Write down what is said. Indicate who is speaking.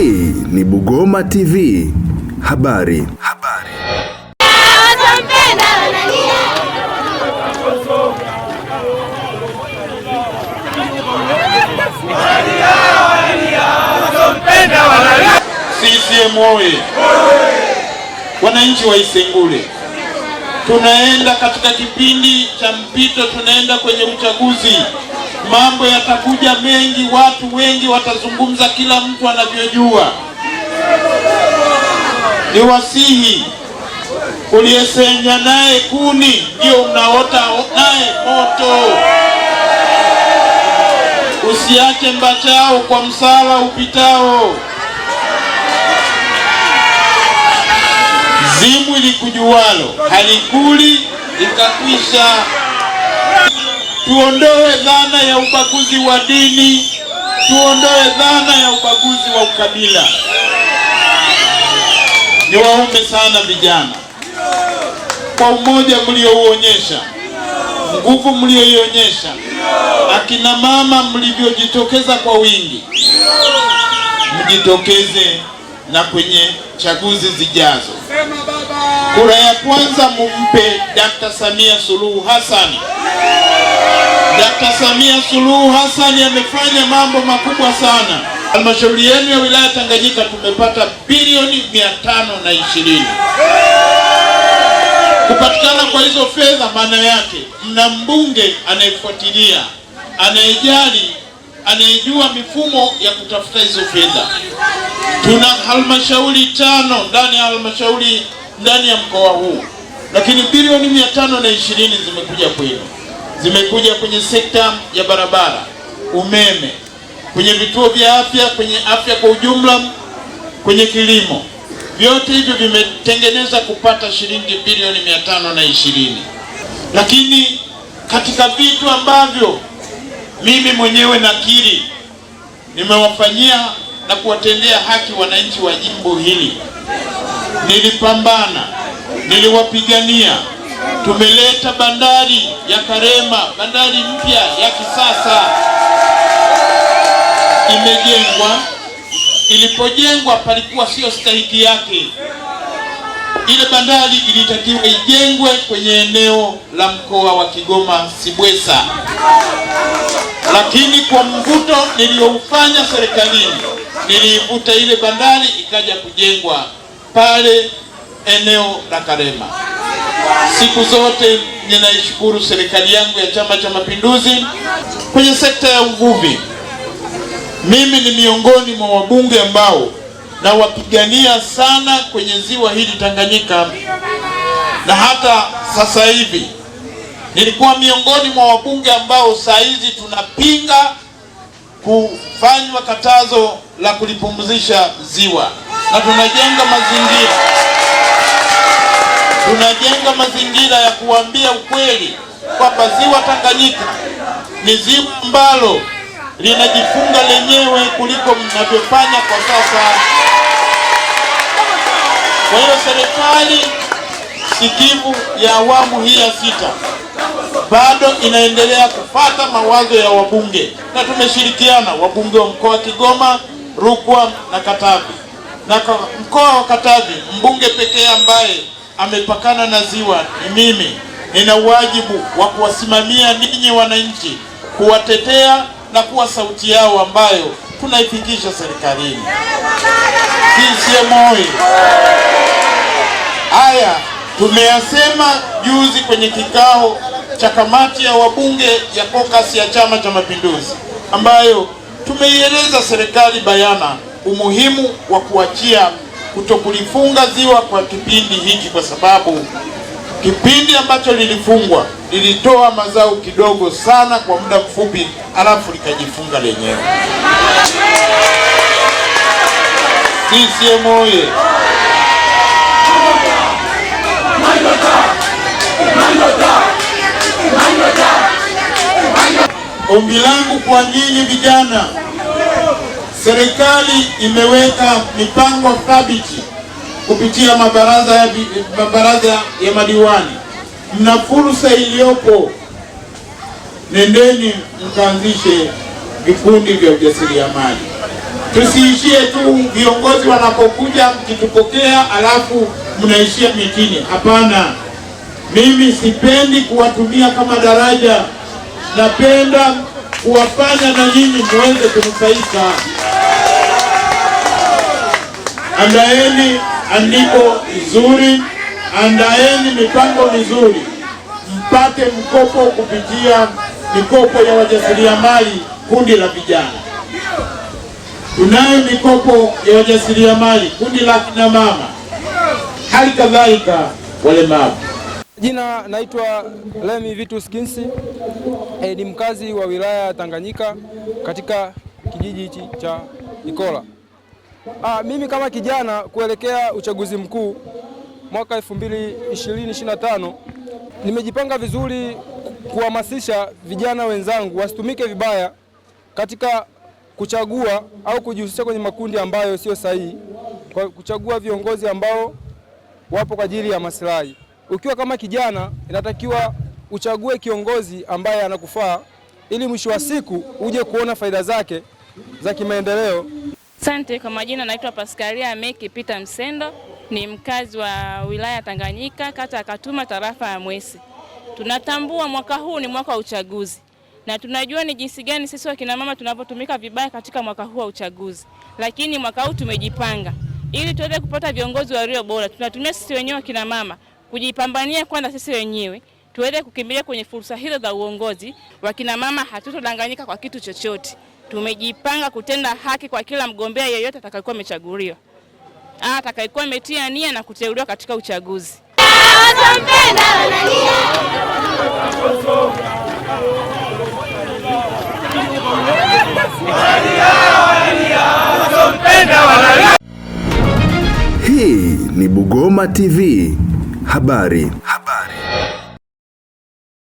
Speaker 1: Hii ni Bugoma TV. Habari. Habari. CCM oye! Wananchi wa Isengule, tunaenda katika kipindi cha mpito, tunaenda kwenye uchaguzi mambo yatakuja mengi, watu wengi watazungumza, kila mtu anavyojua. Ni wasihi kuliyesenya naye kuni ndio mnaota naye moto. Usiache mbachao kwa msala upitao. Zimu likujuwalo halikuli likakwisha tuondoe dhana ya ubaguzi wa dini, tuondoe dhana ya ubaguzi wa ukabila. Niwaombe sana vijana, kwa umoja mliouonyesha, nguvu mlioionyesha, akina mama mlivyojitokeza kwa wingi, mjitokeze na kwenye chaguzi zijazo. Kura ya kwanza mumpe Dkt. Samia Suluhu Hassan. Dkt. Samia Suluhu Hassan amefanya mambo makubwa sana. Halmashauri yenu ya wilaya Tanganyika tumepata bilioni mia tano na ishirini. Kupatikana kwa hizo fedha, maana yake mna mbunge anayefuatilia, anayejali, anayejua mifumo ya kutafuta hizo fedha. Tuna halmashauri tano ndani ya halmashauri ndani ya mkoa huu, lakini bilioni mia tano na ishirini zimekuja kwenu zimekuja kwenye sekta ya barabara, umeme, kwenye vituo vya afya, kwenye afya kwa ujumla, kwenye kilimo. Vyote hivyo vimetengeneza kupata shilingi bilioni mia tano na ishirini, lakini katika vitu ambavyo mimi mwenyewe nakiri nimewafanyia na kuwatendea haki wananchi wa jimbo hili, nilipambana, niliwapigania Tumeleta bandari ya Karema, bandari mpya ya kisasa imejengwa. Ilipojengwa palikuwa sio stahiki yake. Ile bandari ilitakiwa ijengwe kwenye eneo la mkoa wa Kigoma Sibwesa, lakini kwa mvuto niliyoufanya serikalini, niliivuta ile bandari ikaja kujengwa pale eneo la Karema. Siku zote ninaishukuru serikali yangu ya Chama cha Mapinduzi kwenye sekta ya uvuvi. Mimi ni miongoni mwa wabunge ambao nawapigania sana kwenye ziwa hili Tanganyika, na hata sasa hivi nilikuwa miongoni mwa wabunge ambao saa hizi tunapinga kufanywa katazo la kulipumzisha ziwa na tunajenga mazingira tunajenga mazingira ya kuambia ukweli kwamba ziwa Tanganyika ni ziwa ambalo linajifunga lenyewe kuliko mnavyofanya kwa sasa. Kwa hiyo serikali sikivu ya awamu hii ya sita bado inaendelea kufata mawazo ya wabunge, na tumeshirikiana wabunge wa mkoa wa Kigoma, Rukwa na Katavi, na mkoa wa Katavi mbunge pekee ambaye amepakana na ziwa ni mimi. Nina wajibu wa kuwasimamia ninyi wananchi, kuwatetea na kuwa sauti yao ambayo tunaifikisha serikalini. CCM oyee! Haya tumeyasema juzi kwenye kikao cha kamati ya wabunge ya kokasi ya Chama cha Mapinduzi, ambayo tumeieleza serikali bayana umuhimu wa kuachia kutokulifunga ziwa kwa kipindi hiki, kwa sababu kipindi ambacho lilifungwa lilitoa mazao kidogo sana kwa muda mfupi, alafu likajifunga lenyewe. CCM oye! Ombi langu kwa nyinyi vijana serikali imeweka mipango thabiti kupitia mabaraza ya, mabaraza ya madiwani. Mna fursa iliyopo, nendeni mkaanzishe vikundi vya ujasiriamali. Tusiishie tu viongozi wanapokuja mkitupokea alafu mnaishia mitini. Hapana, mimi sipendi kuwatumia kama daraja, napenda kuwafanya na nyinyi muweze kunufaika. Andaeni andiko nzuri, andaeni mipango mizuri, mpate mkopo kupitia mikopo ya wajasiriamali, kundi la vijana. Tunayo mikopo ya wajasiriamali, kundi la kina mama, hali kadhalika walemavu.
Speaker 2: Jina naitwa Lemi Vitus Kinsi, e, ni mkazi wa wilaya ya Tanganyika katika kijiji hichi cha Ikola. Ah, mimi kama kijana kuelekea uchaguzi mkuu mwaka 2025 nimejipanga vizuri kuhamasisha vijana wenzangu wasitumike vibaya katika kuchagua au kujihusisha kwenye makundi ambayo sio sahihi, kwa kuchagua viongozi ambao wapo kwa ajili ya maslahi. Ukiwa kama kijana, inatakiwa uchague kiongozi ambaye anakufaa ili mwisho wa siku uje kuona faida zake za kimaendeleo.
Speaker 3: Asante kwa majina, naitwa Paskaria Meki Peter Msendo, ni mkazi wa wilaya Tanganyika, kata ya Katuma, tarafa ya Mwesi. Tunatambua mwaka huu ni mwaka wa uchaguzi na tunajua ni jinsi gani sisi wakinamama tunavyotumika vibaya katika mwaka huu wa uchaguzi, lakini mwaka huu tumejipanga ili tuweze kupata viongozi walio bora. Tunatumia sisi wenyewe wakinamama kujipambania kwanza sisi wenyewe tuweze kukimbilia kwenye fursa hizo za uongozi. Wakinamama hatutodanganyika kwa kitu chochote. Tumejipanga kutenda haki kwa kila mgombea yeyote atakayekuwa amechaguliwa, atakayekuwa ametia nia na kuteuliwa katika uchaguzi. Hii ni Bugoma TV habari.